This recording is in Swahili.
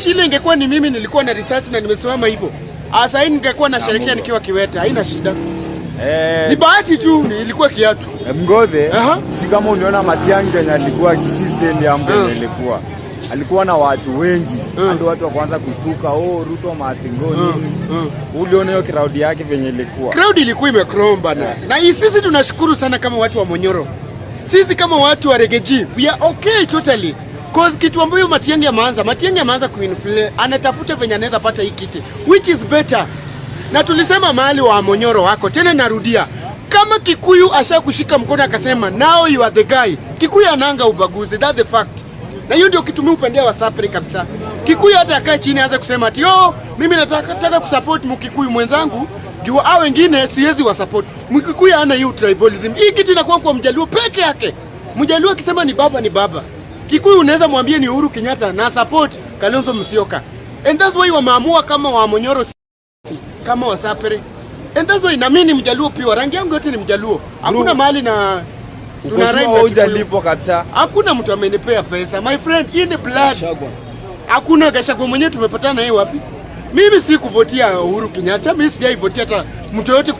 Mazishi ile ingekuwa ni mimi nilikuwa na risasi na nimesimama hivyo. Ah, Asa hii ningekuwa nasherekea nikiwa kiwete, haina shida. Eh, ni bahati tu nilikuwa kiatu. Eh, Mgodhe, uh -huh. Si kama uniona Matiang'i kenye alikuwa kisistend ya mbele uh. Ilikuwa alikuwa na watu wengi uh. Ndio watu wa kwanza kustuka, oh Ruto must go uh. Eh, nini. Uh. Uliona hiyo crowd yake venye ilikuwa. Crowd ilikuwa imekromba na. Yeah. Na sisi tunashukuru sana kama watu wa Monyoro. Sisi kama watu wa Regeji, we are okay totally. Cause kitu ambayo Matiang'i ameanza, Matiang'i ameanza kuinfluence, anatafuta venye anaweza pata hii kiti which is better. Na tulisema mahali wa Monyoro wako tena, narudia kama Kikuyu asha kushika mkono akasema now you are the guy. Kikuyu ananga ubaguzi, that's the fact. Na hiyo ndio kitu mimi upendea wa Sapri kabisa. Kikuyu hata akae chini aanze kusema ati yo oh, mimi nataka nataka kusupport mkikuyu mwenzangu juu hao wengine siwezi support. Mkikuyu hana hiyo tribalism. Hii kitu inakuwa kwa mjaluo peke yake. Mjaluo akisema ni baba ni baba. Kikuyu unaweza mwambie ni Uhuru Kenyatta na support Kalonzo Musyoka. And that's why wameamua kama wa Monyoro kama wa Sapere. And that's why na mimi ni Mjaluo pia, rangi yangu yote ni Mjaluo. Hakuna mali na hoja lipo kabisa. Hakuna mtu amenipea pesa. My friend, hii ni blood. Hakuna gasha kwa mwenyewe tumepatana hii wapi? Mimi si kuvotia Uhuru Kenyatta, mimi sijaivotia hata mtu yote